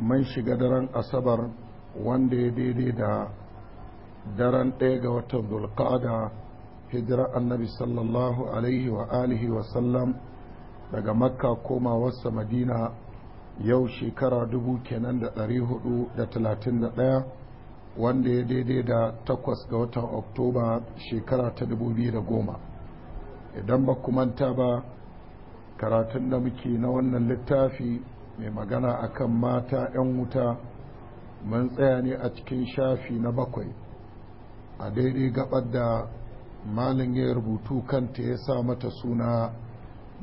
man shiga daren asabar wanda ya daidai da daren ɗaya ga watan zulqa'ada hijira annabi sallallahu alaihi wa alihi wa sallam daga makka koma wasa madina yau shekara dubu kenan da ɗari hudu da talatin da ɗaya wanda ya daidai da takwas ga watan oktoba shekara ta dubu biyu da goma idan ba manta ba karatun da muke na wannan littafi mai magana akan mata 'yan wuta mun tsaya ne a cikin shafi na bakwai a daidai gabar da malin ya rubutu kanta ya sa mata suna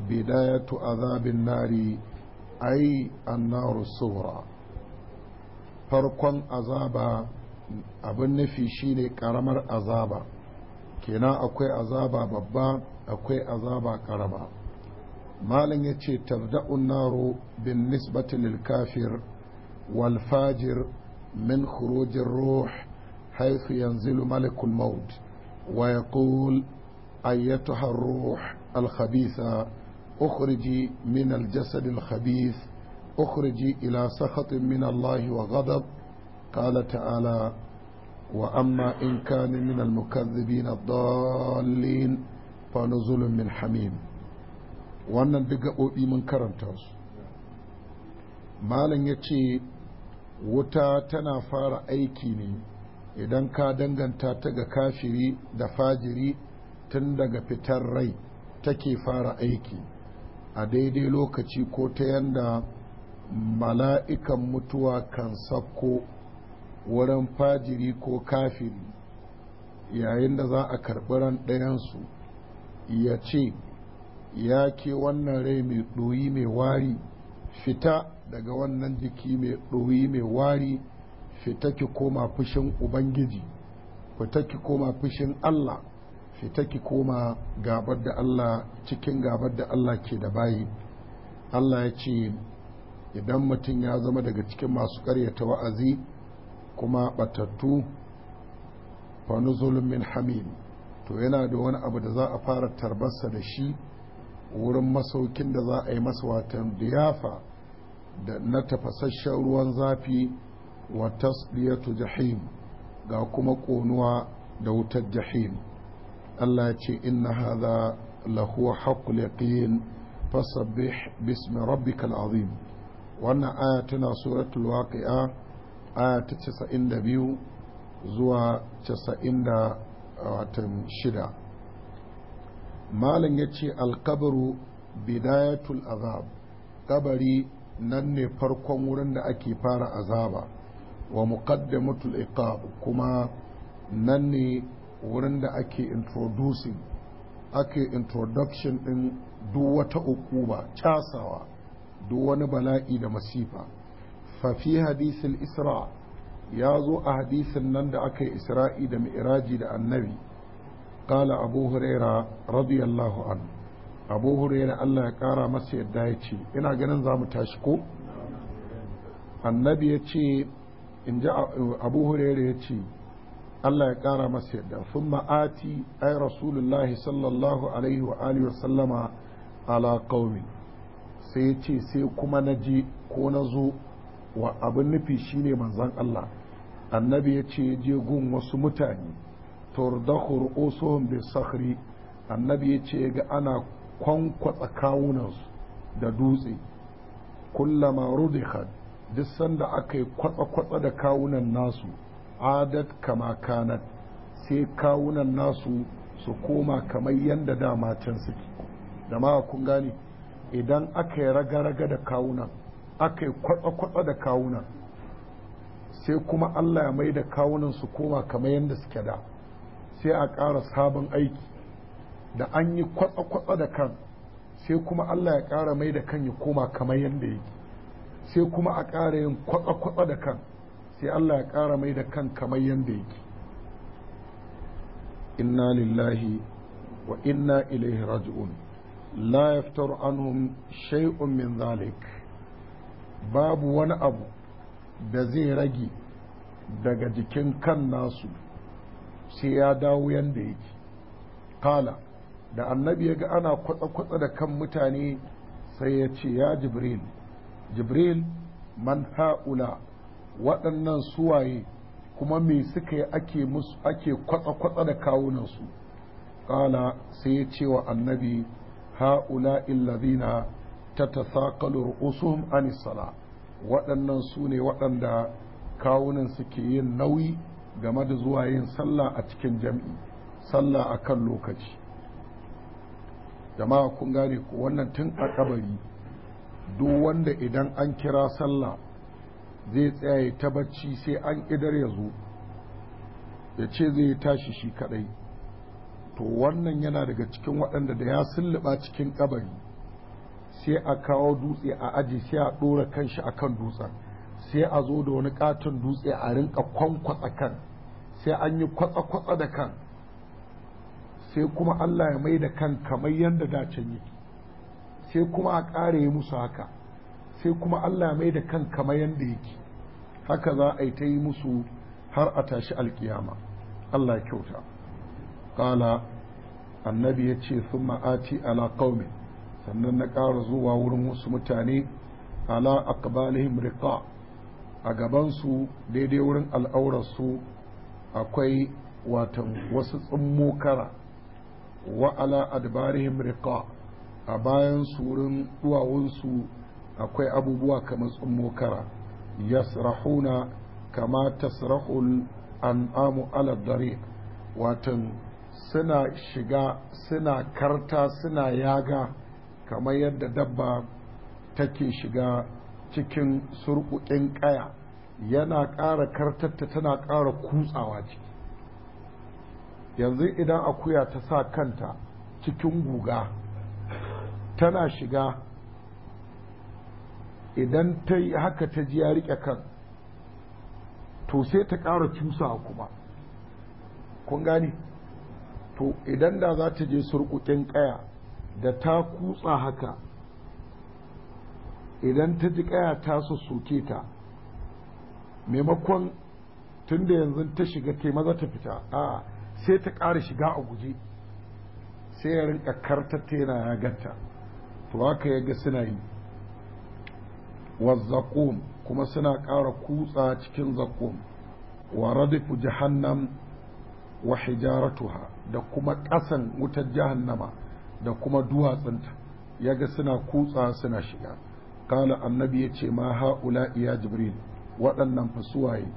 bidayatu azabin nari ai annaru sura farkon azaba abin nufi shine karamar azaba kenan akwai azaba babba akwai azaba karama مالن ya تبدأ النار بالنسبة للكافر والفاجر من خروج الروح حيث ينزل ملك الموت ويقول أيتها الروح الخبيثة أخرجي من الجسد الخبيث أخرجي إلى سخط من الله وغضب قال تعالى وأما إن كان من المكذبين الضالين فنزل من حميم wannan duk gaɓoɓi mun karanta su malam ya ce wuta tana fara aiki ne idan ka danganta ta ga kafiri da fajiri tun daga fitar rai take fara aiki a daidai lokaci ko ta yanda mala'ikan mutuwa kan sako wurin fajiri ko kafiri yayin da za a karɓi ran ɗayansu ya ce ya ke wannan rai mai ɗoyi mai wari fita daga wannan jiki mai ɗoyi mai wari fita ki koma fushin ubangiji fita ki koma fushin allah fita ki koma gabar da allah cikin gabar da allah ke da bayi allah ya ce idan mutum ya zama daga cikin masu karyata wa'azi kuma batattu fa min hamim to yana da wani abu da za a fara tarbarsa da shi wurin masaukin da za a yi masa watan diyafa da na tafasasshen ruwan zafi wa tasliyatu jahim ga kuma ƙonuwa da wutar jahim Allah ce inna haza lahu haqqul yaqin fasabbih bismi rabbikal azim wannan aya tana suratul waqi'a aya ta 92 zuwa 96 malam ya ce alkabaru bidayatul azab kabari nan ne farkon wurin da ake fara azaba wa muqaddamatul iqab kuma nan ne wurin da ake introducing ake introduction din duk wata ukuba casawa duk wani bala'i da masifa fafi hadisul isra ya zo a hadisin nan da aka yi isra'i da mi'raji da annabi قال أبو هريرة رضي الله عنه أبو هريرة الله يقارى مسيح دايتي إنا جنن زام تشكو النبي يتي إن جاء أبو هريرة يتي الله يقارى مسيح دا ثم آتي أي رسول الله صلى الله عليه وآله وسلم على قوم سيتي سي كما نجي كونزو wa abin nufi shine manzon Allah annabi ya ce je gun wasu mutane turdahu ru'usuhum bi sakhri annabi yace ga ana kwankwatsa kawunansu da dutse kullama rudikhat duk sanda aka yi kwatsa-kwatsa da kawunan nasu adat kama kanat sai kawunan nasu su koma kamar yadda da matan suke da ma kun gane idan aka yi raga-raga da kawunan aka yi kwatsa-kwatsa da kawunan sai kuma allah ya mai da kawunan su koma kamar yadda suke da sai a ƙara sabon aiki da an yi kwatsa-kwatsa da kan sai kuma Allah ya ƙara mai da kan ya koma kamar yadda yake sai kuma a ƙara yin kwatsa-kwatsa da kan sai Allah ya ƙara mai da kan kamar yadda yake inna lillahi wa inna ilaihi raji'un la yaftaru anhum shay'un min zalik babu wani abu da zai rage daga jikin kan nasu sai ya dawo yanda yake kala da annabi ya ga ana kwatsa-kwatsa da kan mutane sai ya ce ya jibril jibril man ha'ula waɗannan suwaye kuma me suka yi ake musu ake kwatsa-kwatsa da kawunansu kala sai ya ce wa annabi ha'ula illazina ta tasakalu ru'usuhum anisala waɗannan su ne waɗanda kawunan suke yin nauyi game da zuwa yin sallah a cikin jam'i sallah a kan lokaci jama'a kun gane ko wannan tun a kabari duk wanda idan an kira sallah zai tsaye ta bacci sai an idar ya zo ya ce zai tashi shi kadai to wannan yana daga cikin waɗanda da ya sulluɓa cikin kabari sai a kawo dutse a aji sai a ɗora kanshi a kan dutsen sai a zo da wani katon dutse a rinka kwankwatsa kan sai an yi kwatsa-kwatsa da kan sai kuma Allah ya mai da kan kamar yadda dacen yake sai kuma a ƙare yi musu haka sai kuma Allah ya mai da kan kamar yadda yake haka za a yi ta yi musu har a tashi alkiyama Allah ya kyauta ƙala annabi ya ce sun ma'aci ala ƙaumin sannan na ƙara zuwa wurin wasu mutane ala aqbalihim riqa a gabansu daidai wurin al'aurarsu akwai watan wasu tsummokara wa ala adbarihim riqa a bayan surin duwawunsu akwai abubuwa kamar tsummokara yasrahuna kama tasrahul an'amu ala dariq watan suna shiga suna karta suna yaga kamar yadda dabba take shiga cikin surkukin kaya yana ƙara kartatta tana ƙara kutsawa ciki yanzu idan akuya ta sa kanta cikin guga tana shiga idan ta yi haka ta ji ya riƙe kan to sai ta ƙara cusawa kuma kun gani to idan da za ta je surƙuƙin ƙaya da ta kutsa haka idan ta ji ƙaya ta soke ta maimakon tun da yanzu ta shiga ta maza ta fita a sai ta ƙara shiga a guje sai ya rinka karta ta yana ya ganta to haka ya ga suna yi wazzakum kuma suna ƙara kutsa cikin zakum wa radifu jahannam wa hijaratuha da kuma ƙasan wutar jahannama da kuma duwatsanta ya ga suna kutsa suna shiga kala annabi ya ce ma ha'ula iya jibril waɗannan fasuwaye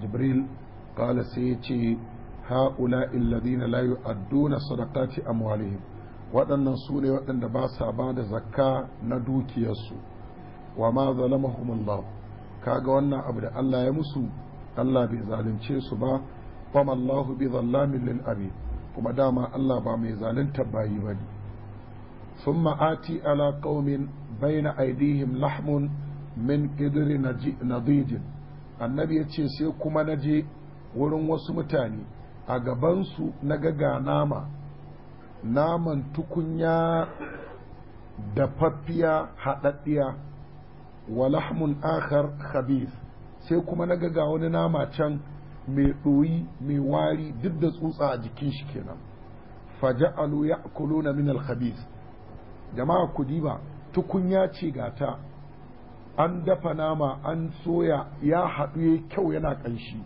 jibril ƙala sai ya ce ha'ula illadina adduna sadakaci sadaqati amwalihim waɗannan su ne waɗanda ba sa ba da zakka na dukiyarsu wa ma zalamahumullah kaga wannan abu da Allah ya musu Allah bai zalunce su ba fama bi zallamin lil abi kuma dama Allah ba mai zalunta bayi bane thumma ati ala qaumin baina aidihim lahmun min ƙidiri nadijin annabi ya ce sai kuma na je wurin wasu mutane a gabansu na gaga nama naman tukunya da faffiya haɗaɗɗiya walahmun akhar khabith sai kuma na ga wani nama can mai ɗoyi mai wari duk da tsutsa a jikin shi kenan faja'alu ya'kuluna min al-khabith jama'a ku diba tukunya ce gata an dafa nama an soya ya haɗu ya kyau yana ƙanshi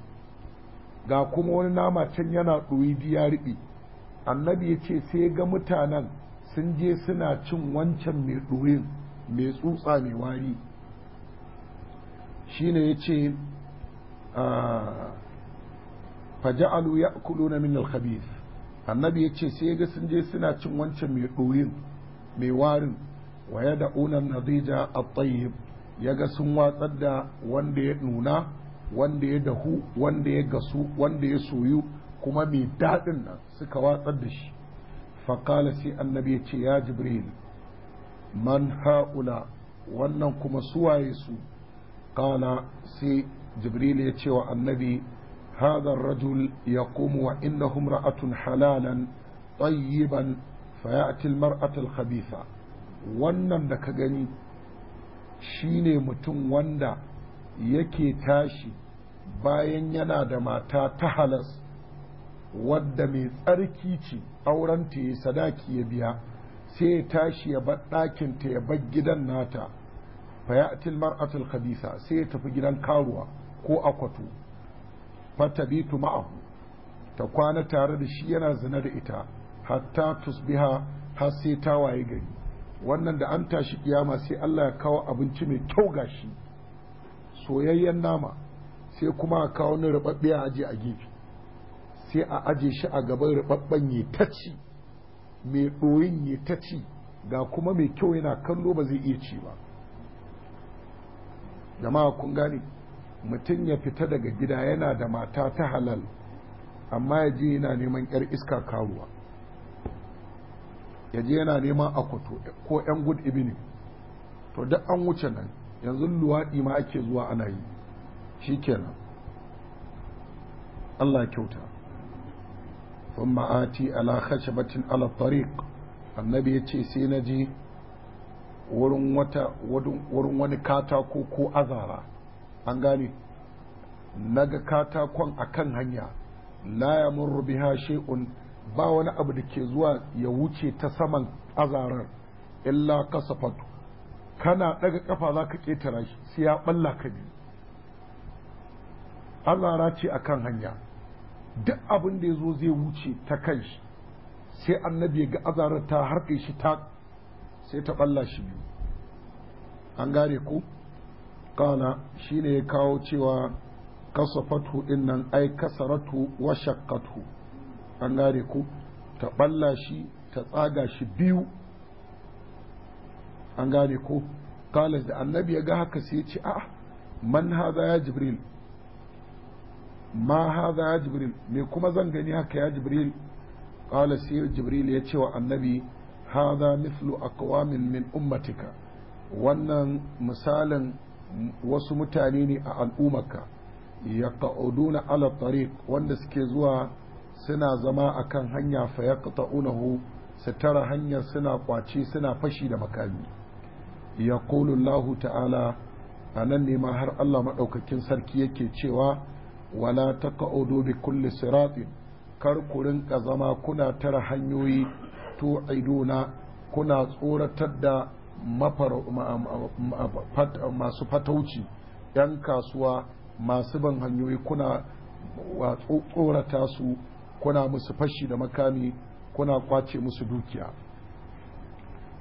ga kuma wani nama can yana ɗoyi ya riɓe annabi ya ce sai ga mutanen sun je suna cin wancan mai ɗoyin mai tsutsa mai wari ne ya ce ah, faja'alu ya na min alkhabis annabi ya ce sai ga sun je suna cin wancan mai ɗoyin mai warin wa ya da'unan nadija a tsayib ya ga sun watsar da wanda ya nuna wanda ya dahu wanda ya gasu wanda ya soyu kuma mai daɗin nan suka watsar da shi faƙala sai annabi ya ce ya jibril man ha'ula wannan kuma suwaye su ƙala sai jibril ya ce wa annabi هذا الرجل يقوم وإنه امرأة halalan طيبا فيأتي المرأة الخبيثة wannan da ka gani shine mutum wanda yake tashi bayan yana da mata ta halas wadda mai tsarki ce aurenta ya sadaki ya biya sai ya tashi ya bar ɗakinta ya bar gidan nata fayatil mar'atul khabisa sai ya tafi gidan karuwa ko akwato fatabitu ma'ahu ta kwana tare da shi yana zina da ita hatta tusbiha har sai ta waye gari wannan da an tashi kiyama sai Allah ya kawo abinci mai kyau gashi soyayyen nama sai kuma a kawo ni a aje a gefe sai a aje shi a gaban rubabban ya mai doyin ya taci ga kuma mai kyau yana kallo ba zai iya ci ba jama'a kun gane mutum ya fita daga gida yana da mata ta halal amma yaje yana neman 'yar iska karuwa ya je yana neman akwato ko yan gud ibini to duk an wuce nan yanzu luwaɗi ma ake zuwa ana yi shi kenan Allah kyauta sun ma'ati ala khashabatin ala tariq annabi ya ce sai na je wurin wata wani katako ko azara an gane naga katakon akan hanya la yamurru biha shay'un ba wani abu da ke zuwa ya wuce ta saman azarar illa kasafatu kana daga kafa za ka ƙetara shi sai ya balla ka biyu azara ce akan hanya duk abin da ya zo zai wuce ta kan shi sai annabi ya ga azarar ta harfe shi ta sai ta balla shi biyu an gane ku kana shine ya kawo cewa kasafatu din nan ai kasaratu wa shakkatu an ku ta ɓalla shi ta tsaga shi biyu an gane ko kalas da annabi ya ga haka sai ya ce a man haza ya jibril ma haza ya jibril me kuma zan gani haka ya jibril kala sai jibril ya ce wa annabi haza mithlu aqwamin min ummatika wannan misalin wasu mutane ne a al'ummarka ya ala tariq wanda suke zuwa suna zama a kan hanya fa unahu su tara hanyar suna kwace suna fashi da makami ya lahu ta'ala a nan nema har Allah maɗaukakin sarki yake cewa wala taqa'udu bi kulli siratin kar ku rinka zama kuna tara hanyoyi tu'iduna kuna tsoratar da masu fatauci yan kasuwa masu ban hanyoyi kuna tsorata su kuna musu fashi da makami kuna kwace musu dukiya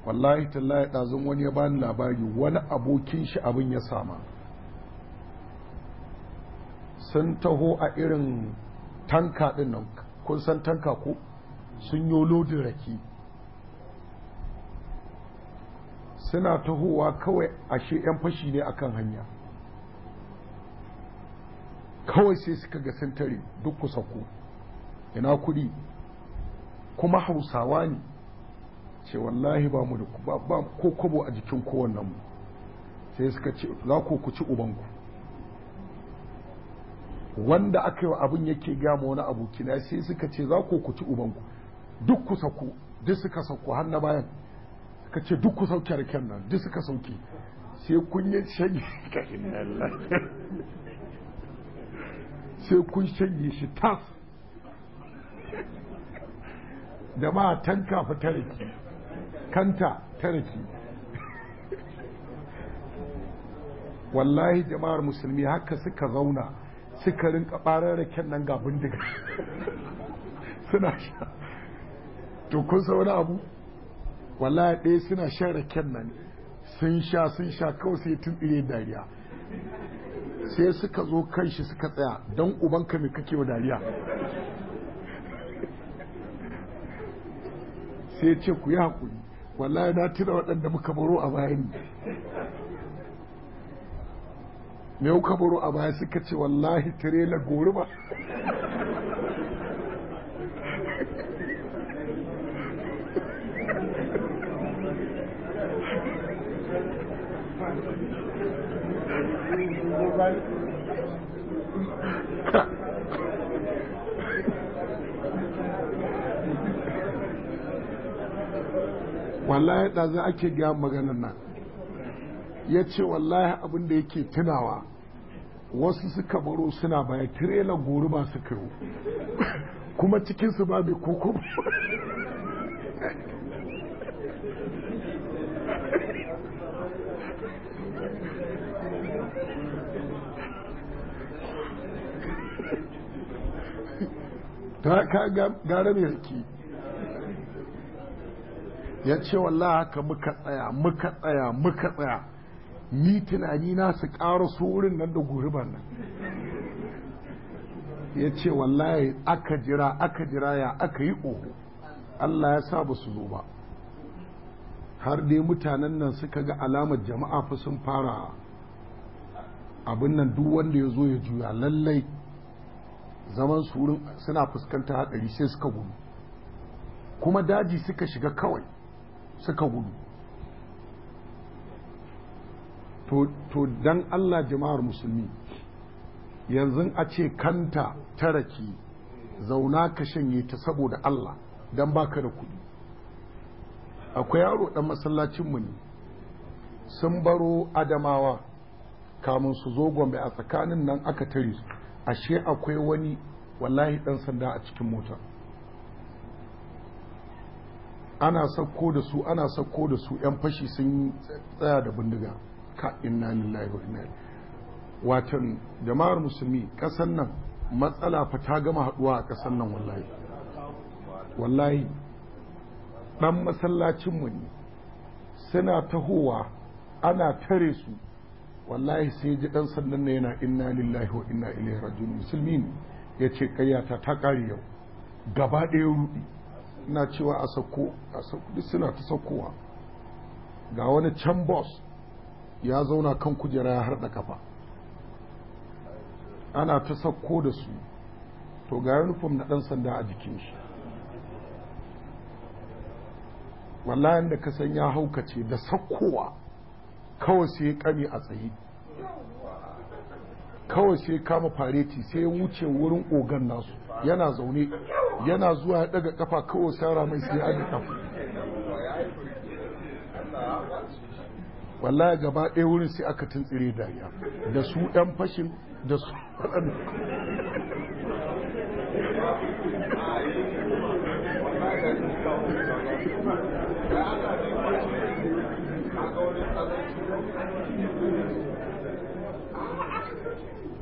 wallahi tallahi ɗazun wani ya bani labari wani abokin shi abin ya sama sun taho a irin tanka ɗin nan kun san tanka ko sun yi lodin raki. suna tahowa kawai ashe 'yan fashi ne akan hanya kawai sai suka ga sun tare duk kusa ku ina kuɗi kuma hausawa ne ce wallahi ba mu da ba ko kobo a jikin kowannen mu sai suka ce za ku ku ci ubanku wanda aka yi abin yake gama wani abokina sai suka ce za ku ku ci ubanku duk ku sauku duk suka sauku har na bayan suka ce duk ku sauke raken nan duk suka sauke sai kun yi shanye inna sai kun shi tas jama'a tanka fa tariki kanta tariki wallahi jama'ar musulmi haka suka zauna suka rinka ɓarar raken nan ga bindiga suna sha to kun wani abu wallahi ɗaya suna sha raken nan sun sha sun sha kawai sai tun tsire dariya sai suka zo kan shi suka tsaya don ubanka mai kake wa dariya sai ce ku yi haƙuri wallahi na tuna waɗanda muka baro a baya ne me kuka baro a baya suka ce wallahi tirela gori ba wallahi za ake gaya maganar nan ya ce wallahi abin da yake tunawa wasu suka baro suna baya tirela gori ba su kai kuma cikinsu ba mai koko ta ka gara mai ya ce wallahi haka muka tsaya muka tsaya muka tsaya ni tunani na su ƙara su wurin nan da guriban nan ya ce wallahi aka jira aka jira ya aka yi ƙoho Allah ya sa ba su zo ba har dai mutanen nan suka ga alamar jama'a fi sun fara abin nan duk wanda ya zo ya juya lallai zaman su suna fuskanta haɗari sai suka gudu kuma daji suka shiga kawai suka gudu to dan Allah jama'ar musulmi yanzu a ce kanta taraki zauna ka shanye ta saboda Allah dan baka da kuɗi akwai yaro dan masallacinmu ne sun baro adamawa kamun su zo gombe a tsakanin nan aka tare su ashe akwai wani wallahi ɗan sanda a cikin motar. ana sakko da su ana sakko da su yan fashi sun tsaya da bindiga ka inna lillahi wa inna watan jama'ar musulmi kasan nan matsala fa ta gama haduwa a kasan nan wallahi wallahi dan masallacin mu ne suna tahowa ana tare su wallahi sai ji dan sandan ne yana inna lillahi wa inna ilaihi raji'un musulmi ne yace kayyata ta kare yau gaba ɗaya rudi ina cewa a sako a suna ta saukowa ga wani can boss ya zauna kan kujera ya harda kafa ana ta sako da su to ga uniform na ɗan sanda a jikin shi wallahi da ka san ya haukace da saukowa kawai sai kame a tsaye kawai sai kama fareti sai wuce wurin ogan nasu yana zaune yana zuwa ya daga kafa kawai sara mai sai ya daga kafa wallahi gaba ɗaya wurin sai aka tuntsire dariya da su ɗan fashin da su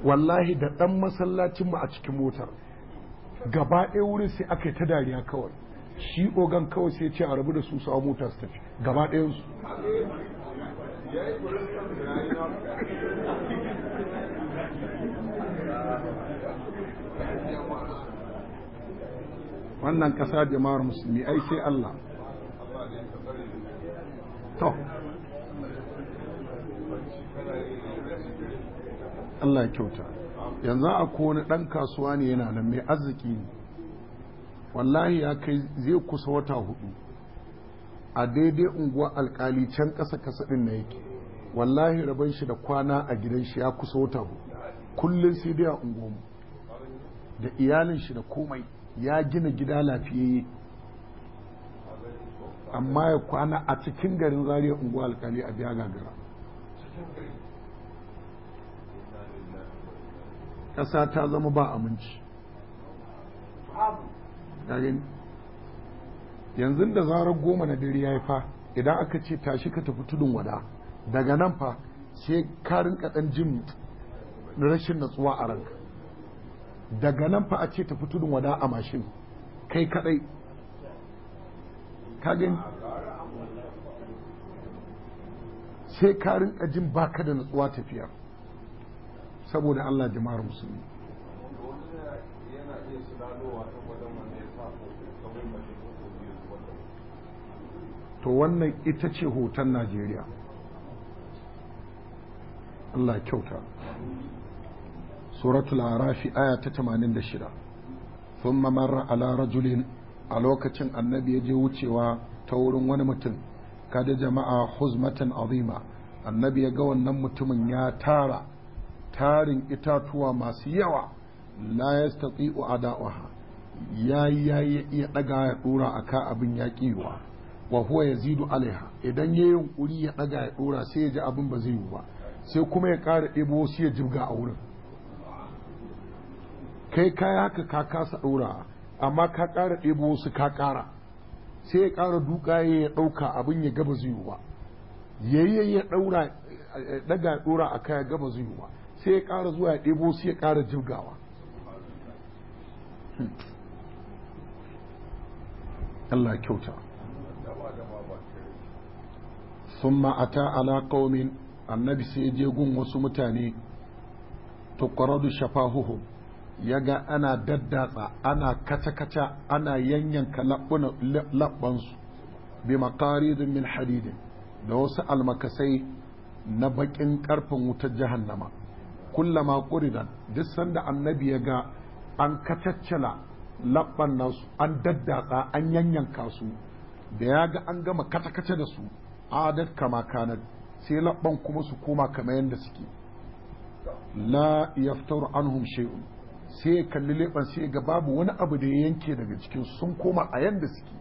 wallahi da ɗan masallacinmu a cikin motar gaba ɗaya wurin sai aka yi ta dariya kawai shi ogan kawai sai ce a rabu da su sawa mota su tafi gaba ɗayan su wannan ƙasa jama'ar musulmi ai sai Allah to Allah ya kyauta yanzu a wani ɗan kasuwa ne yana nan mai arziki ne wallahi ya kai zai kusa wata hudu a daidai unguwa alkali can ƙasa kasa ɗin na yake wallahi rabon shi da kwana a gidan shi ya kusa wata hudu kullum sai dai a unguwanmu da iyalin shi da komai ya gina gida lafiyayye amma ya kwana a cikin garin zariya unguwa alkali a biya gagara ƙasa ta zama ba aminci yanzu da zarar goma na dare ya yi fa idan aka ce tashi ka tafi tudun wada daga nan fa sai karin rinka ɗan jin rashin natsuwa a ranka daga nan fa a ce tafi tudun wada a mashin kai kadai kagin sai karin rinka baka da natsuwa tafiya saboda Allah jama'ar musulmi to wannan ita ce hoton Najeriya Allah kyauta suratul arafi aya ta 86 thumma marra ala rajulin a lokacin annabi ya je wucewa ta wurin wani mutum kada jama'a huzmatan azima annabi ya ga wannan mutumin ya tara tarin itatuwa masu yawa la a da'uwa ya ya iya daga ya dora ka abin ya kiwa wa huwa yazidu alaiha idan ya ƙuri ya daga ya dora sai ya ji abin ba zai yi ba sai kuma ya ƙara ɗebo sai ya jibga a wurin kai kaya haka ka kasa ɗora amma ka ƙara ɗebo su ka ƙara sai ya ƙara duka ya ɗauka abin ya gaba zai yi ba ya yi ya ɗaga ya ɗora a ya gaba zai yi ba sai ya ƙara zuwa ya ɗebo sai ya ƙara jirgawa hmm. Allah kyauta sun ma'ata ala ƙaumin annabi sai ya je gun wasu mutane tukwararru shafahuhu ya ga ana daddatsa ana kaca-kaca ana yanyanka labbansu bi makaridin min hadidin da wasu almakasai na bakin karfin wutar jahannama kullama quridan duk sanda annabi ya ga an kacaccala labban nasu an daddatsa an yanyanka su da ya ga an gama kata-kata da su adat kama kana sai labban kuma su koma kamar yadda suke la yaftaru anhum shay'un sai ya kalli leban sai ga babu wani abu da ya yanke daga cikin sun koma a yadda suke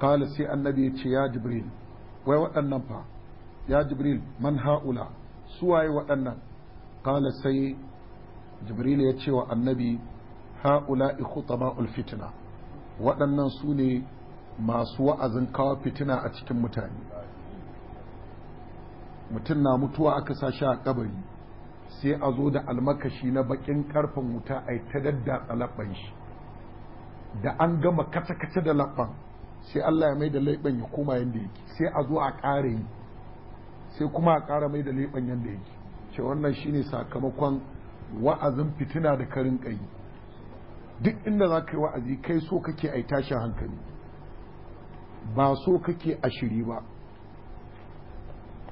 kala sai annabi ya ce ya jibril wai waɗannan fa ya jibril man ha'ula waye waɗannan qala sai jibril ya ce wa annabi ha'ula'i khutaba'ul fitna waɗannan su ne masu wa'azin kawo fitina a cikin mutane mutum na mutuwa aka sa shi a ƙabari sai a zo da almakashi na bakin karfin wuta a ta daddatsa labban shi da an gama kace-kace da labban sai Allah ya mai da ya koma yadda yake sai a zo a ƙara yi sai kuma a ƙara mai da laifin yadda yake ce wannan shine sakamakon wa'azin fitina da karin kai duk inda za ka yi wa'azi kai so kake a tashin hankali ba so kake a shiri ba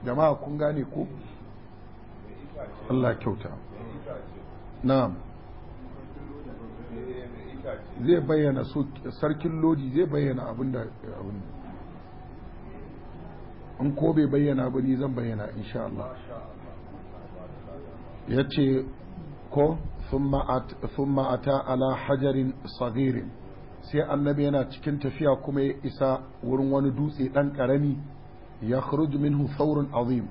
jama'a kun gane ko Allah kyauta na'am zai bayyana sarkin lodi zai bayyana abin da abin in ko bai bayyana ba ni zan bayyana insha Allah ya ce ko thumma ata ala hajarin sagirin sai annabi yana cikin tafiya kuma ya isa wurin wani dutse ɗan ƙarami ya kharuj minhu thawrun azim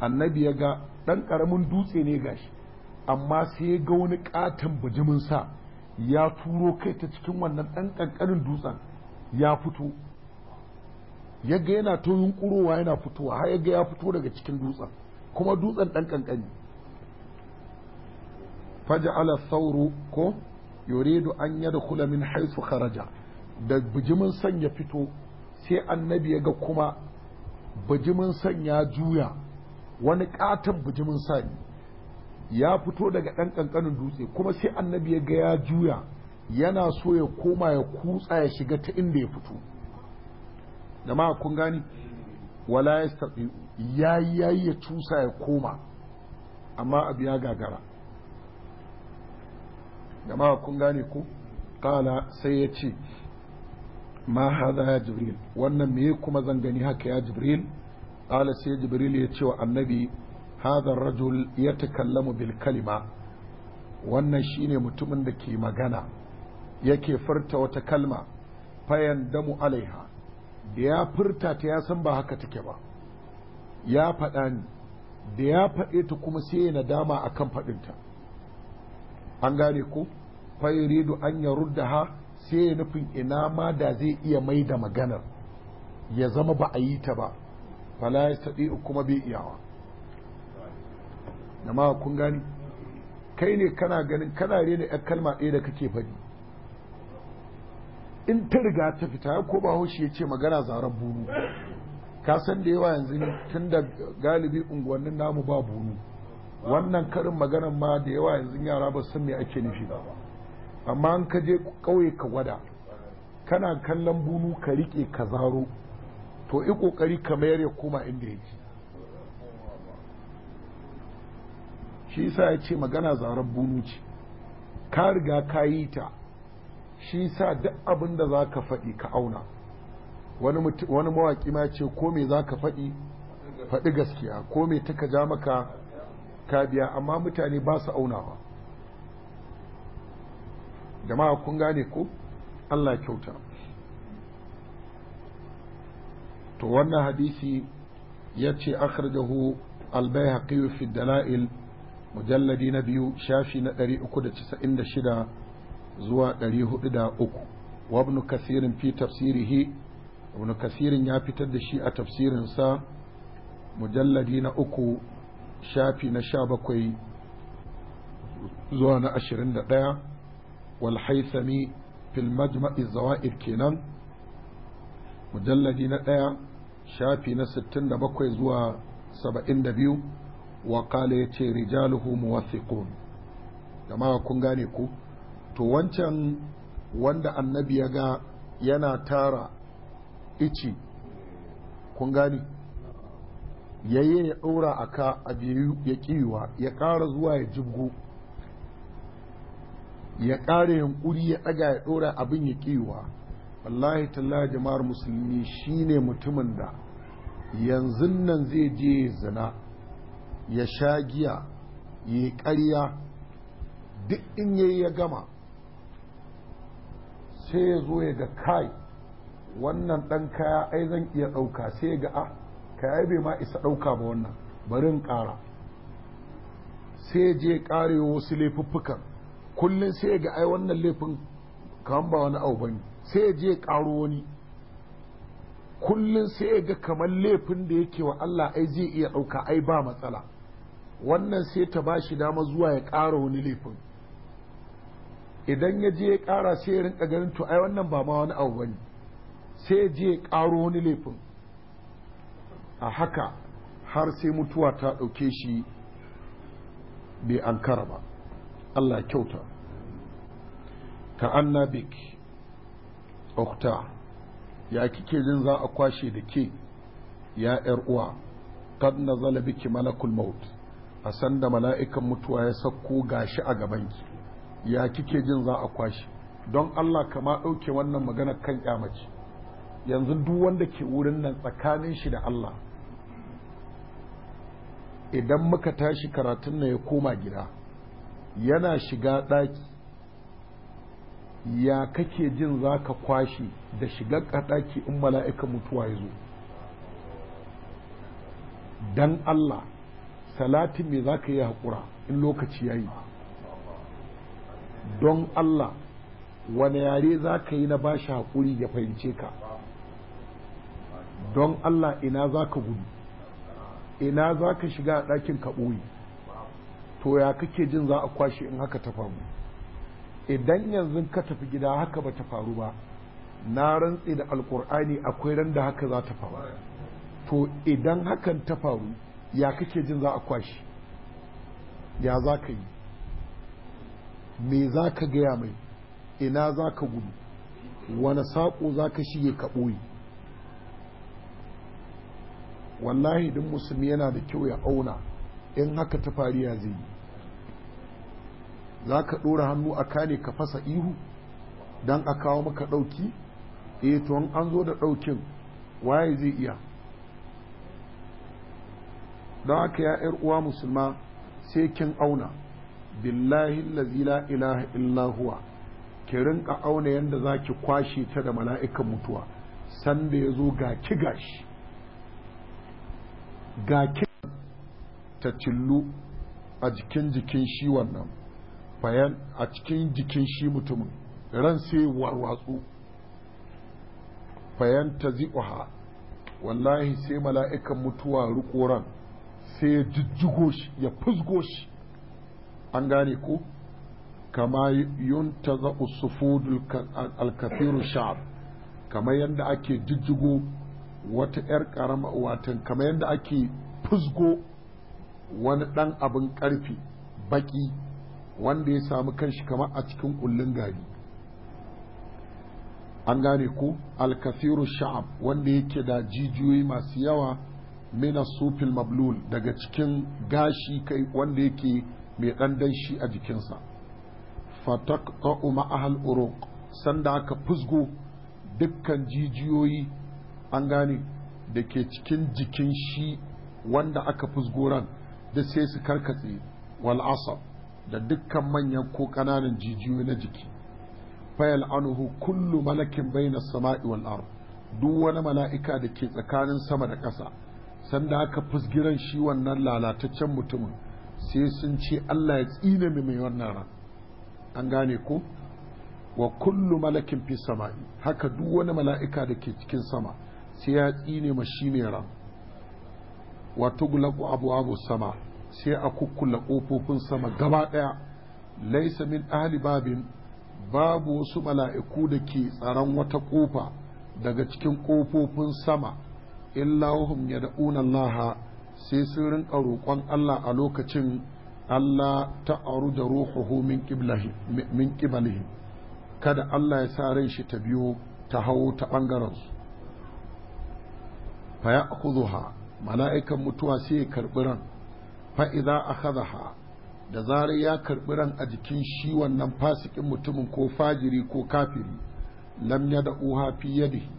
annabi ya ga ɗan ƙaramin dutse ne gashi amma sai ya ga wani ƙaton bijimin sa ya turo kai ta cikin wannan ɗan ƙanƙanin dutsen ya fito ya yana ta yunƙurowa yana fitowa har ya ya fito daga cikin dutsen kuma dutsen ɗan ƙanƙani faj'ala sauru ko yuridu an yadkhula min haythu kharaja da bijimin san ya fito sai annabi ya ga kuma bijimin san ya juya wani katon bijimin san ya fito daga ɗan ƙanƙanin dutse kuma sai annabi ya ga ya juya yana so ya koma ya kutsa ya shiga ta inda ya fito jama'a kun gani wala ya yayi ya cusa ya koma amma abu ya gagara gama kun gane ku kala sai ya ce ma haza ya jibril wannan me kuma zan gani haka ya jibril kala sai jibril ya ce wa annabi haza rajul ya takallamu bil kalima wannan shine mutumin da ke magana yake furta wata kalma fayan damu alaiha da ya furta ta ya san ba haka take ba ya faɗa ni da ya faɗe ta kuma sai ya nadama akan faɗinta an gane ko fayi redo an ha sai ya nufin ina ma da zai iya mai da maganar ya zama ba a yi ta ba fala ya saɗi kuma bai iyawa jama'a kun gani kai ne kana ganin kana rena 'yar kalma ɗaya da kake faɗi in ta riga ta fita ya ba hoshi ya ce magana zaren bunu ka san da yawa yanzu tun da galibi unguwannin namu ba bunu wannan karin maganar ma da yawa yanzu yara ba san me ake nufi ba amma an ka je ƙauye ka gwada kana kallon bunu ka rike ka zaro to i kokari ka mayar ya koma inda yake shi yasa ya ce magana zaren bunu ce ka riga ka yi ta shi yasa duk abin da za ka faɗi ka auna wani mawaƙi ma ce ko me za ka faɗi faɗi gaskiya ko me taka ka ja maka ka biya amma mutane ba su aunawa jama'a kun gane ko Allah kyauta to wannan hadisi ya ce akhrajahu al-bayhaqi fi dalail mujalladi na biyu shafi na 396 zuwa 403 wa ibn kasirin fi tafsirihi ibn kasirin ya fitar da shi a tafsirinsa mujalladi na uku shafi na sha bakwai zuwa na ashirin da ɗaya walhaisami fil majma'i zawa'ir kenan mujalladi na ɗaya shafi na sittin da bakwai zuwa saba'in da biyu waƙala ya ce rijaluhu muwathiqun jama'a kun gane ku to wancan wanda annabi ya ga yana tara ici kun gane ya yi ya ɗora a ka a biyu ya ƙiwa ya ƙara zuwa ya jibgo ya ƙara yankuri ya ɗaga ya ɗora abin ya ƙiwa wallahi tallahi jama'ar musulmi shi ne mutumin da yanzu nan zai je ya zina ya sha giya ya ƙarya duk in yayi ya gama sai ya zo ya ga kai wannan ɗan kaya ai zan iya ɗauka sai ga a ah, ka bai ma isa ɗauka ba wannan barin ƙara sai je ƙarewa wasu laifuffukan kullum sai ga ai wannan laifin kan ba wani abu bane sai je ƙaro wani kullum sai ga kamar laifin da yake wa Allah ai zai iya ɗauka ai ba matsala wannan sai ta ba shi dama zuwa ya ƙara wani laifin idan ya je ya ƙara sai ya rinka ganin to ai wannan ba ma wani abu bane sai je ya ƙaro wani laifin a haka har sai mutuwa ta ɗauke shi bai kara ba Allah kyauta ka annabik okta ya kike jin za a kwashe da ke ya ‘yar uwa kad na zalabiki malakul maut a sanda mala'ikan mutuwa ya sakko gashi a gabanki ya kike jin za a kwashe don Allah kama ɗauke wannan magana kan mace. yanzu duk wanda ke wurin nan tsakanin shi da Allah idan muka tashi karatun na ya koma gida yana shiga ɗaki ya kake jin za ka kwashe da shiga ɗaki in mala'ika mutuwa ya zo don Allah salatin me za ka yi haƙura in lokaci ya yi don Allah wani yare za ka yi na bashi haƙuri ya fahimce ka don Allah ina za ka gudu ina za ka shiga a ɗakin kaɓoyi to ya kake jin za a kwashe in haka ta faru idan yanzu ka tafi gida haka ba ta faru ba na rantse da alkur'ani akwai ran da haka za ta faru to idan hakan ta faru ya kake jin za a kwashe ya za ka yi me za ka gaya mai ina za ka gudu wani saƙo za ka shige ka wallahi duk musulmi yana da kyau ya auna in haka ta fariya zai yi za ka ɗora hannu a kane ka fasa ihu don a kawo maka ɗauki eh to an zo da ɗaukin waye zai iya don haka ya ‘yar uwa musulma sai kin auna billahi lazi la ilaha illa huwa ki rinka auna yadda za ki kwashe ta da mala'ikan mutuwa sanda ya zo ga ki gashi ga ta cillu a jikin jikin shi wannan bayan a cikin jikin shi mutumin ran sai warwatsu bayan ta ha, wallahi sai mala'ikan mutuwa rukoran sai ya jijjigo shi ya fusgo shi an gane ko kama yun ta za'u sufudul alkafiru sha'ab kamar yadda ake jijjigo wata 'yar ƙarama watan kamar yadda ake fusgo wani ɗan abin ƙarfi baƙi wanda ya samu shi kamar a cikin ƙullin gari an gane ku Alkafiru sha'ab wanda yake da jijiyoyi masu yawa mina sufil mablul daga cikin gashi kai wanda yake mai ɗan danshi a jikinsa fatak ma'ahal uruk sanda aka fusgo dukkan jijiyoyi an gane da ke cikin jikin shi wanda aka fusgoran da sai su karkatse wal'asa da dukkan manyan ko ƙananan jijiyoyi na jiki fayal anuhu kullu malakin bayna sama'i wal ard duk wani mala'ika da ke tsakanin sama da ƙasa sanda aka fusgiran shi wannan lalataccen mutumin sai sun ce Allah ya tsine mai wannan ran an gane ko wa kullu malakin fi sama'i haka duk wani mala'ika da ke cikin sama sai ya tsine ma shi mai ran wato gulaku abu abu sama sai a kukkula ƙofofin sama gaba ɗaya laisa min ahli babin babu wasu mala'iku da ke tsaron wata ƙofa daga cikin ƙofofin sama illa wahum ya Allah sai sun rinka roƙon Allah a lokacin Allah ta aru da ruhuhu min ƙibalihi kada Allah ya sa ran shi ta biyo ta hau ta ɓangarensu fa ya akuzuha mala'ikan mutuwa sai ya karbi ran fa a akhadha da zarar ya karɓi ran a jikin shi wannan fasikin mutumin ko fajiri ko kafiri lam da uha fi yadihi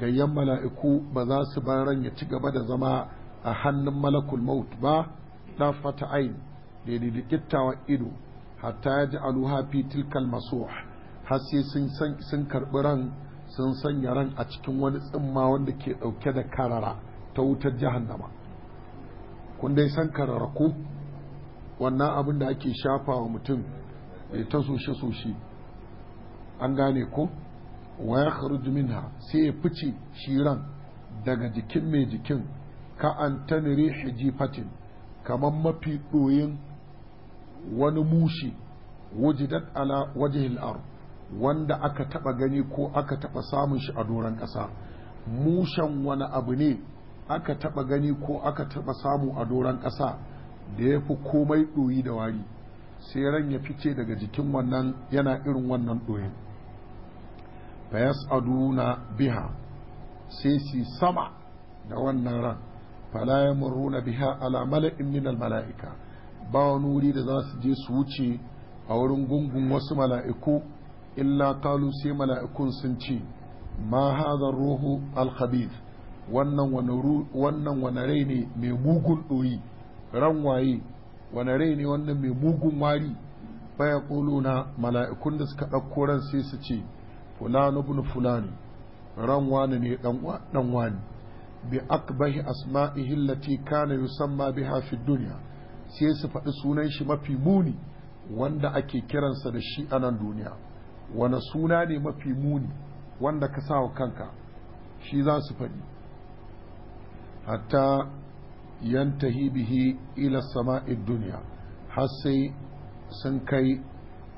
gayyan mala'iku ba za su bar ran ya ci gaba da zama a hannun malakul maut ba da fata ain da didikittawa ido hatta ya ji aluha fi tilkal maso har sai sun karɓi ran sun sanya ran a cikin wani tsimma wanda ke ɗauke da karara ta wutar jahannama kun dai san karara ko wannan abin da ake shafa wa mutum mai ta soshe-soshe an gane ko wa ya minha sai ya fice shiran daga jikin mai jikin ka an tanire hijifatin kamar mafi ɗoyin wani mushi wajidat ala wajihil ard wanda aka taɓa gani ko aka taɓa samun shi a doron ƙasa mushen wani abu ne aka taɓa gani ko aka taba samu a doron ƙasa da ya fi komai ɗoyi da wari sai ran ya fice daga jikin wannan yana irin wannan ɗoyin fayas na biha sai su sama da wannan ran fala ya murruna biha ala mala'in min mala'ika ba wani wuri da za su je su wuce a wurin gungun wasu mala'iku illa kalu sai mala'ikun sun ce ma roho ruhu al wannan wani rai ne mai mugun ɗoyi ran waye wani rai ne wannan mai mugun wari baya na mala'ikun da suka ɗauko ran sai su ce fulani ibn fulani ran wani ne dan wani bi akbahi asma'ihi allati kana yusamma biha fi dunya sai su faɗi sunan shi mafi muni wanda ake kiransa da shi a nan duniya wani suna ne mafi muni wanda ka sa kanka shi za su faɗi hatta yantahi bihi ila sama duniya har sai sun kai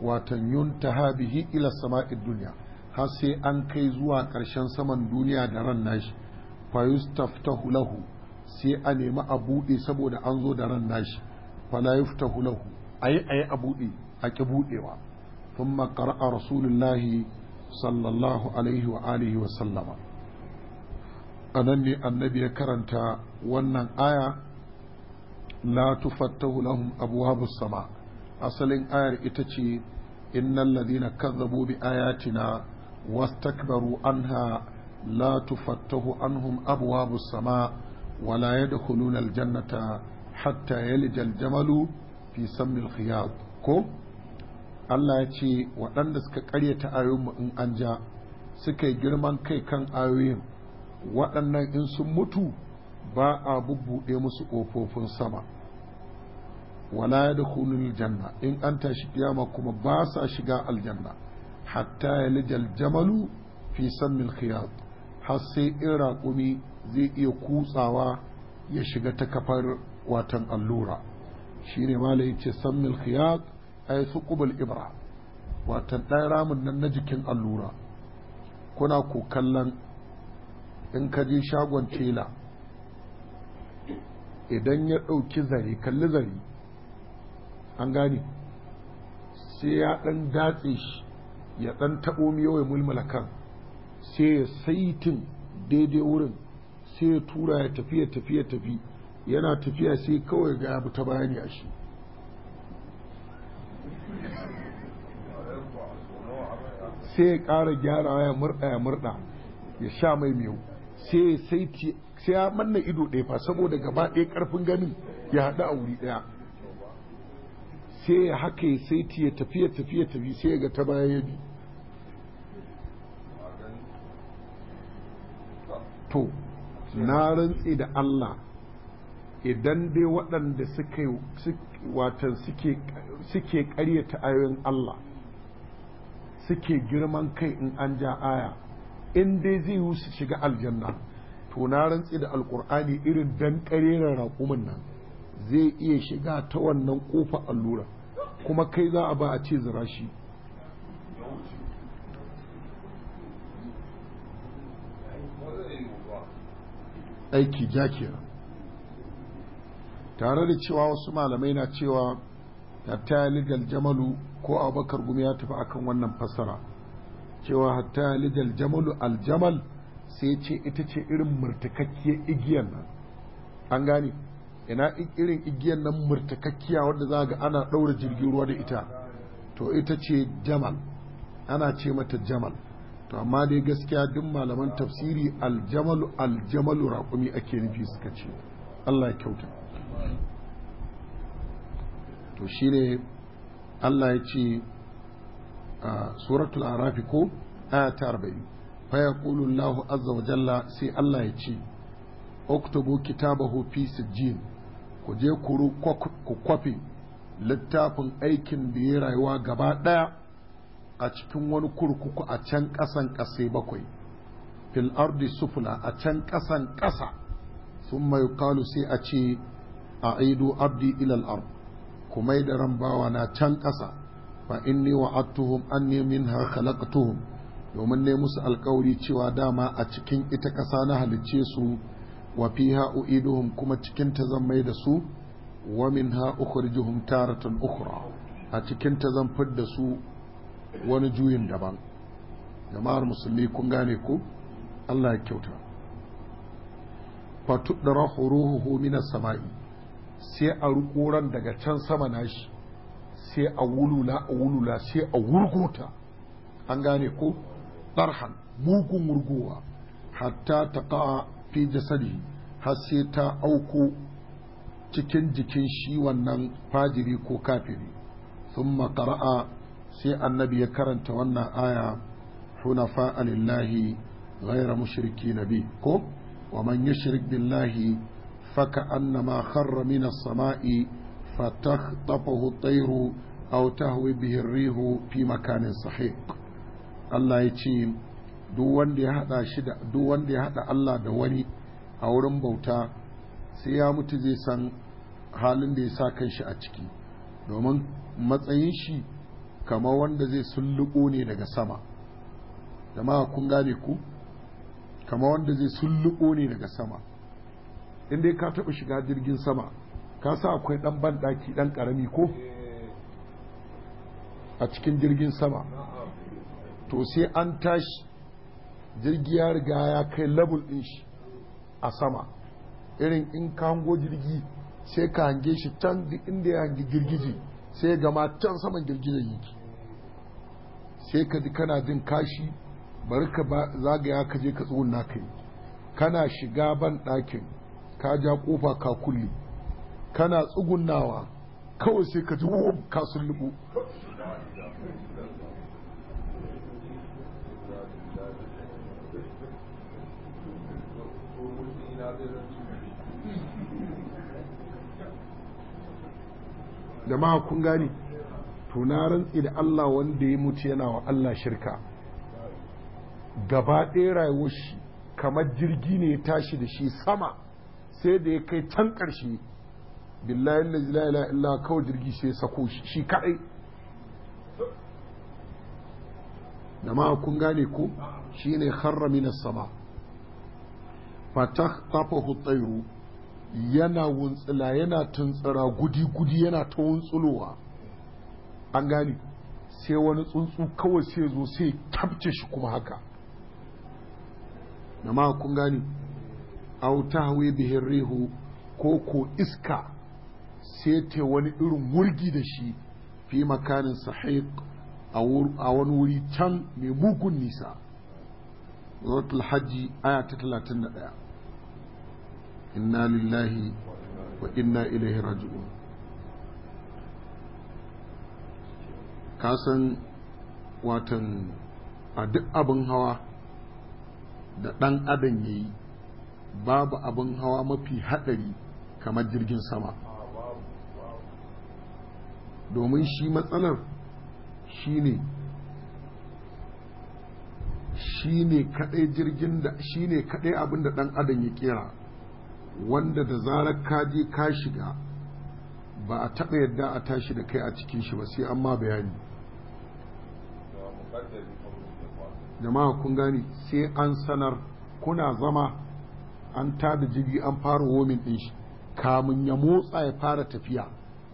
watan yuntaha bihi ila sama duniya har sai an kai zuwa ƙarshen saman duniya da ran nashi fa tafta lahu sai a nemi a buɗe saboda an zo da ran nashi fala yuftahu lahu a yi a buɗe a ki buɗewa ثم قرأ رسول الله صلى الله عليه وآله وسلم أنني النبي كرنت ونن آية لا تفتح لهم أبواب السماء أصلين آية إتتي إن الذين كذبوا بآياتنا واستكبروا عنها لا تفتح عنهم أبواب السماء ولا يدخلون الجنة حتى يلج الجمل في سم الخياط كو Allah ya ce waɗanda suka ƙaryata ayoyinmu in an ja suka yi girman kai kan ayoyin waɗannan in sun mutu ba a bubbuɗe musu ƙofofin sama wala ya da janna in an tashi kiyama kuma ba sa shiga aljanna hatta ya lijal jamalu fi sammin khiyar har sai in raƙumi zai iya kutsawa ya shiga ta kafar watan allura shine malai ce sammin khiyar ai suqubul ibra watan ɗan ramin nan na jikin allura kuna ko kallon in ka je shagon tela idan ya ɗauki zare kalli zare an gane sai ya ɗan datse shi ya ɗan taɓo miyo ya mulmula kan sai ya saitin daidai wurin sai ya tura ya tafi ya tafi ya tafi yana tafiya sai kawai ga abu ta bayani a shi sai ya ƙara gyara ya murɗa ya murɗa ya sha mai miyo sai sai sai ya manna ido ɗaya fa saboda gaba ɗaya ƙarfin gani ya haɗu a wuri ɗaya sai ya haka ya sai ya tafi ya tafi ya tafi sai ya ga ta baya ya bi to na rantse da Allah idan dai waɗanda suke watan suke ƙaryata ayoyin Allah suke girman kai in an ja aya in dai zai yi su shiga aljanna to na rantsi da alkur'ani irin dan karerar raƙumin nan zai iya shiga ta wannan kofa allura kuma kai za a ba a ce zira shi aiki ja tare da cewa wasu malamai na cewa hatta ligal jamalu ko abubakar gumi ya tafi akan wannan fassara cewa hatta ligal jamalu aljamal sai ce ita ce irin murtakakkiyar igiyar nan an gane ina irin igiyar nan murtakakkiya wanda za ga ana ɗaura jirgin ruwa da ita to ita ce jamal ana ce mata jamal to amma dai gaskiya duk malaman tafsiri aljamalu aljamalu raƙumi ake nufi suka ce Allah ya kyauta to ne Allah ya ce a suratul arafi ko aya ta arba'in fa yaqulu lahu azza wa jalla sai Allah ya ce uktubu kitabahu fi sijjin ku je kuru ku kwafi littafin aikin da ya rayuwa gaba ɗaya a cikin wani kurkuku a can ƙasan ƙasai bakwai fil ardi sufla a can ƙasan ƙasa sun mai kalu sai a ce a aido abdi ilal ard ku mai da ran bawa na can ƙasa fa inni wa'adtuhum anni minha khalaqtuhum domin ne musu alƙawari cewa dama a cikin ita ƙasa na halicce su wa fiha u'iduhum kuma cikin ta zan mai da su wa minha ukhrijuhum taratan ukhra a cikin ta zan fidda su wani juyin daban jama'ar musulmi kun gane ku? Allah ya kyauta fa tudra huruhu min as-sama'i sai a rukoran daga can sama nashi sai a wulula a wulula sai a wurguta an gane ko Barhan, mugun wurgowa. hatta ta ƙa'a fi jasadi har sai ta auko cikin jikin shi wannan fajiri ko kafiri sun makara'a sai annabi ya karanta wannan aya hunafa alillahi غير na bi, ko ومن يشرك بالله فكأنما خر من السماء فتخطفه الطير أو تهوي به الريح في مكان صحيح الله يتيم duk wanda ya hada shi da duk wanda ya hada Allah da wani a wurin bauta sai ya mutu zai san halin da ya sa kanshi a ciki domin matsayin shi kamar wanda zai sulluko ne daga sama jama'a kun gane ku kamar wanda zai sulluko ne daga sama in dai ka taɓa shiga jirgin sama ka sa akwai ɗan banɗaki ɗan ƙarami ko a cikin jirgin sama to sai an tashi jirgi ya riga ya kai labul ɗin shi a sama irin in ka hango jirgi sai ka hange shi can inda ya hangi girgiji sai ya gama can saman ya yi. sai ka ji kana jin kashi bari ka zagaya ka je ka tsohon naka yi kana shiga ban ɗakin ka ja kofa ka kulle kana tsugunnawa kawai sai ka ji ka da jama'a kun gani to na rantsi da Allah wanda ya mutu yana wa Allah shirka gaba ɗaya rayuwar shi kamar jirgi ne ya tashi da shi sama sai da ya kai can ƙarshe billahi la ilaha illa kawai jirgi sai sako shi kaɗai da ma kun gane ko shine harra minas sama fatakhtafahu hutsairu yana wuntsula, yana tuntsura gudi gudi yana ta wuntsulowa an gane sai wani tsuntsu kawai sai zo sai tabce shi kuma haka da ma kun gane aw tahwi bihi rihu ko ko iska sai ta wani irin wurgi da shi fi makanin sahiq a wani wuri can mai mugun nisa suratul hajji aya ta 31 inna lillahi wa inna ilaihi raji'un kasan watan a duk abin hawa da ɗan adam ya yi babu abin hawa mafi haɗari kamar jirgin sama domin shi matsalar shi ne shi ne kaɗai jirgin da shi ne kaɗai abin da ɗan adam ya kera wanda da zarar ka je ka shiga ba a taɓa yadda a tashi da kai a cikin shi ba sai an ma bayani jama'a kun gani sai an sanar kuna zama an tada jirgi an fara womin ɗin shi kamun ya motsa ya fara tafiya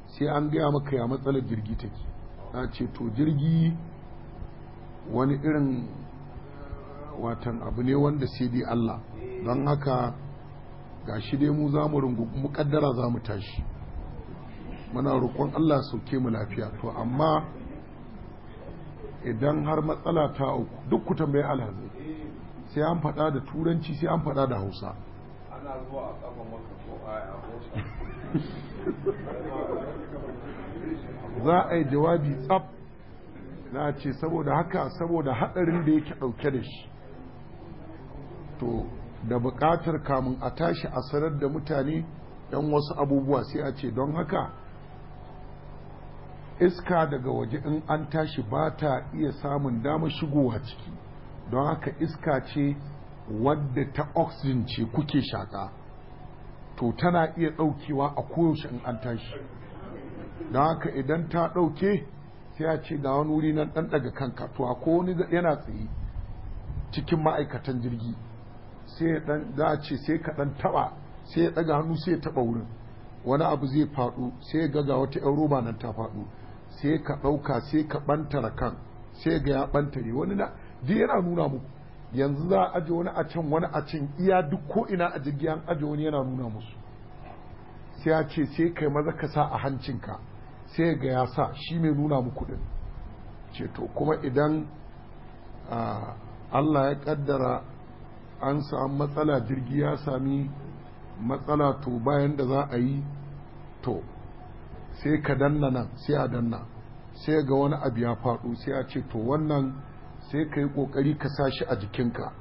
sai an gaya maka ya matsalar jirgi take na ce to jirgi wani irin watan abu ne wanda sai dai Allah don haka ga shi dai mu za mu rungu mukaddara za mu tashi muna roƙon Allah sauke mu lafiya to amma idan har matsala ta uku duk ku tambayi alhazi sai an faɗa da turanci sai an faɗa da hausa za a yi jawabi tsaf na ce saboda haka saboda hadarin da yake ɗauke da shi to da bukatar kamun a tashi a sanar da mutane yan wasu abubuwa sai a ce don haka iska daga waje in an tashi ba ta iya samun damar shigowa ciki don haka iska ce wadda ta oxygen ce kuke shaka to tana iya daukewa a koyaushe in an tashi don haka idan ta ɗauke sai a ce ga wani wuri nan dan daga kanka to a ko wani yana tsaye cikin ma'aikatan jirgi sai dan za a ce sai ka ɗan taɓa sai ya ɗaga hannu sai ya taɓa wurin wani abu zai faɗo sai ga ga wata yan roba nan ta faɗo sai ka ɗauka sai ka ɓantara kan sai ga ya ɓantare wani na duk yana nuna muku yanzu za a aje wani a can wani a can iya duk ko ina a jirgin an aje wani yana nuna musu sai ya ce sai kai maza ka sa a hancinka sai ga ya sa shi mai nuna mu kudin ceto kuma idan Allah ya kaddara an samu matsala jirgi ya sami matsala to bayan da za a yi to sai ka danna nan sai a danna sai ga wani abu ya faɗo sai a ce to wannan sai ka yi ƙoƙari ka sa shi a jikinka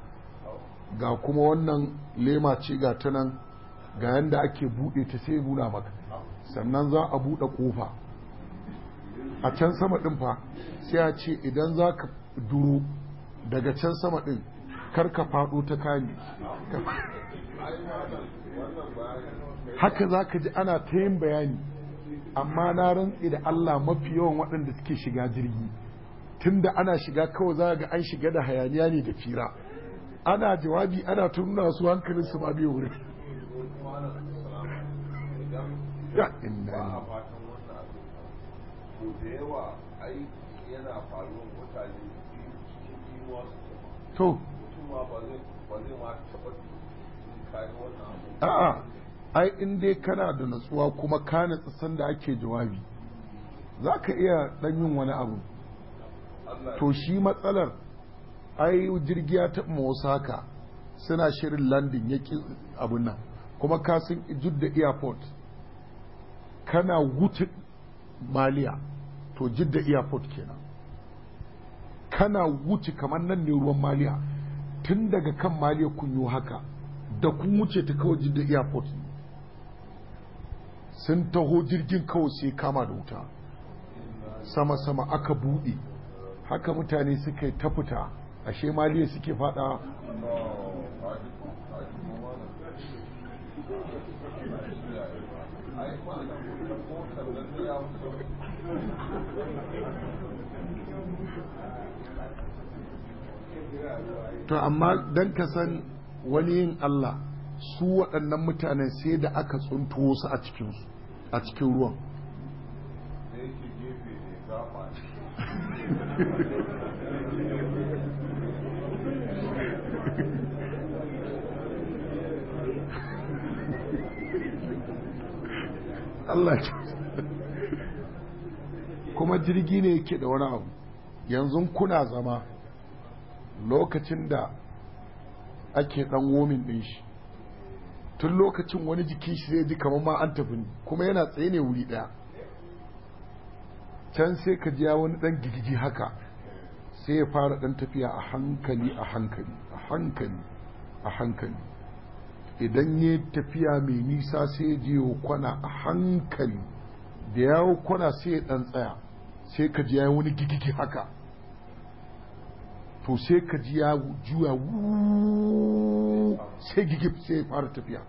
ga kuma wannan lema ce ga ta nan ga yadda ake buɗe ta sai nuna maka sannan za a buɗe ƙofa a can sama ɗin fa sai a ce idan za ka duro daga can sama ɗin kar ka faɗo ta kame haka za ka ji ana ta yin bayani amma na rantsi da Allah mafi yawan waɗanda suke shiga jirgi tunda ana shiga kawai za ga an shiga da hayaniya ne da fira ana jawabi ana tunna su hankalin su ba biyu wurin ya inna to a'a ai in dai kana da nutsuwa kuma ka natsu sanda ake jawabi za ka iya ɗan yin wani abu to shi matsalar ai jirgi ya taɓa osaka suna shirin landin ya ƙi abin nan kuma kasin jidda airport kana wuce maliya to jidda airport kenan kana wuce kamar nan ne ruwan maliya tun daga kan maliya kun yi haka da kun wuce ta kawai jidda airport ne sun taho jirgin kawai sai kama da wuta sama-sama aka buɗe haka mutane suka yi ta fita a suke fada to amma don ka san wani yin Allah su waɗannan mutane sai da aka tsuntuwo su a cikin ruwan Allah kuma jirgi ne yake da wani abu yanzu kuna zama lokacin da ake dan womin din shi tun lokacin wani jikin shi zai ji kamar ma an tafi kuma yana tsaye ne wuri daya can sai ka ji wani dan gigigi haka sai ya fara dan tafiya a hankali a hankali a hankali a hankali idan ya tafiya mai nisa sai ya kwana a hankali da yawo kwana sai ya dan tsaya sai ka ji wani gigigi haka to sai ka ji ya juya sai gigib sai ya fara tafiya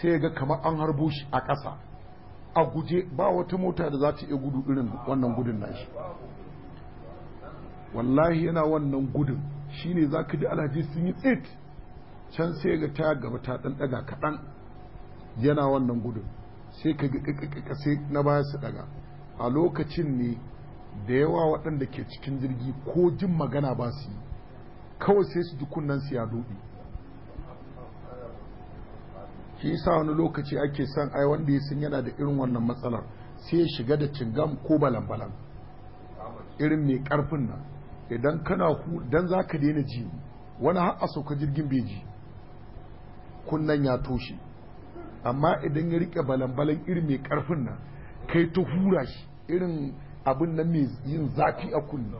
sai ga kamar an harbo shi a ƙasa a guje ba wata mota da za ta iya gudu irin wannan gudun na shi. wallahi yana wannan gudun shine za ka ji alhaji sun yi tsit can sai ga ta gaba ta ɗan ɗaga kaɗan yana wannan gudun sai ka ga sai na baya su ɗaga a lokacin ne da yawa waɗanda ke cikin jirgi ko jin magana ba su yi kawai sai su ji kunnen su ya doɗe shi sa wani lokaci ake son ai wanda ya san yana da irin wannan matsalar sai ya shiga da cingam ko balan irin mai karfin nan idan kana hu dan zaka daina ji wani har a sauka jirgin bai ji kunnan ya toshe amma idan ya rike balan-balan irin mai karfin nan kai ta hura shi irin abin nan mai yin zafi a kunni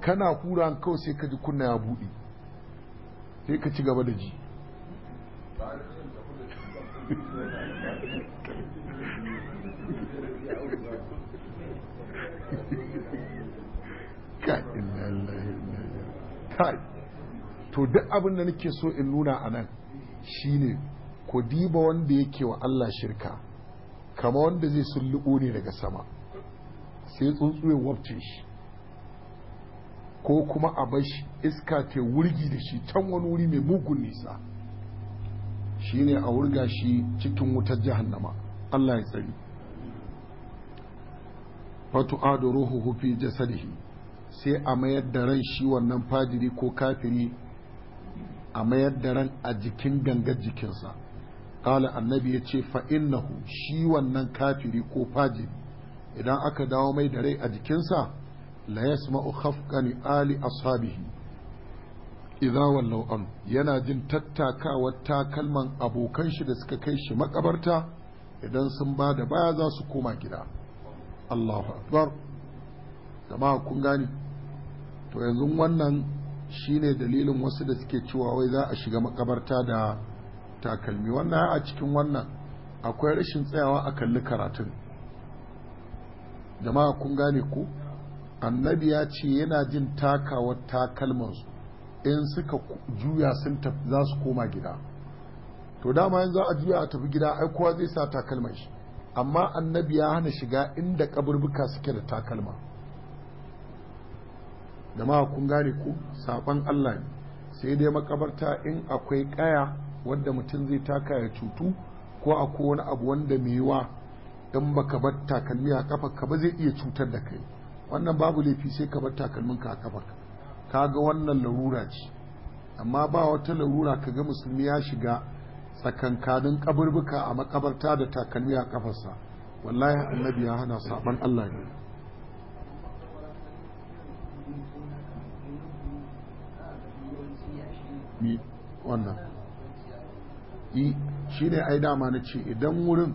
kana hura kawai sai ka ji kunna ya buɗe sai ka ci gaba da ji to duk abin da nake so in nuna a nan ne ku diba wanda yake wa Allah shirka kama wanda zai sulluɓo ne daga sama sai tsuntsuwe wabce shi ko kuma a bashi iska ta wurgi da shi can wani wuri mai mugun nisa Shi ne a wurga shi cikin wutar jahannama Allah ya tsari fatu adu ruhu hufi jasadihi sai a mayar da ran shi wannan fajiri ko kafiri a mayar da ran a jikin gangar jikinsa kala annabi ya ce fa'innahu shi wannan kafiri ko fajiri idan aka dawo mai da rai a jikinsa la yasma'u khafqani ali ashabihi idza wallau yana jin tattakawar takalman abokan shi da suka kai shi makabarta idan sun ba da baya za su koma gida Allahu akbar jama'a kun gani to yanzu wannan shine dalilin wasu da suke cewa wai za a shiga makabarta da takalmi wannan a cikin wannan akwai rashin tsayawa a kalli karatun jama'a kun gane ku annabi ya ce yana jin takawar takalmansu in suka juya sun za su koma gida to dama yanzu a juya a tafi gida ai kowa zai sa takalma shi amma annabi ya hana shiga inda kaburbuka suke da takalma ma kun gane ku saban Allah ne sai dai makabarta in akwai kaya wanda mutum zai taka ya cutu ko akwai wani abu wanda mai yiwa in baka bar takalmi a kafa ka ba zai iya cutar da kai wannan babu laifi sai ka bar takalmin ka a kafarka kaga wannan larura ce amma ba wata larura ka ga musulmi ya shiga tsakankanin kaburbuka a makabarta da takalmi a kafarsa wallahi annabi ya hana saban Allah ne shi ne ai dama na ce idan wurin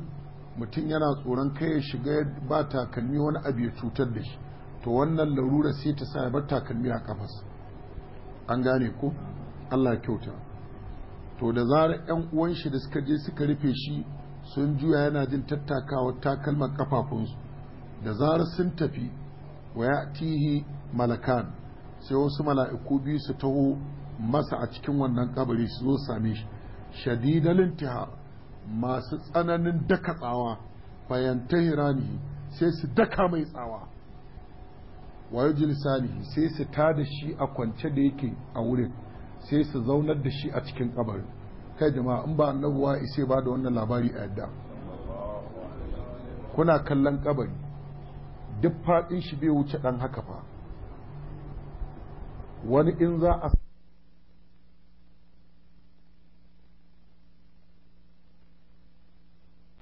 mutum yana tsoron kai ya shiga ba takalmi wani abu ya cutar da shi to wannan larura sai ta sa ya bar takalmi a kafas. an gane ko Allah kyauta to da zarar yan uwan shi da suka je suka rufe shi sun juya yana jin tattakawa takalman kafafunsu da zarar sun tafi wa Tihi malakan sai wasu mala'iku biyu su taho masa a cikin wannan kabari su zo same shi shadidal intiha masu tsananin daka tsawa fayantahirani sai su daka mai tsawa wa ji jilisani sai su ta da shi a kwance da yake a wurin sai su zaunar da shi a cikin kabarin kai jama'a in ba annabuwa isai ba da wannan labari a yadda kuna kallon kabari duk faɗin shi bai wuce ɗan haka fa wani in za a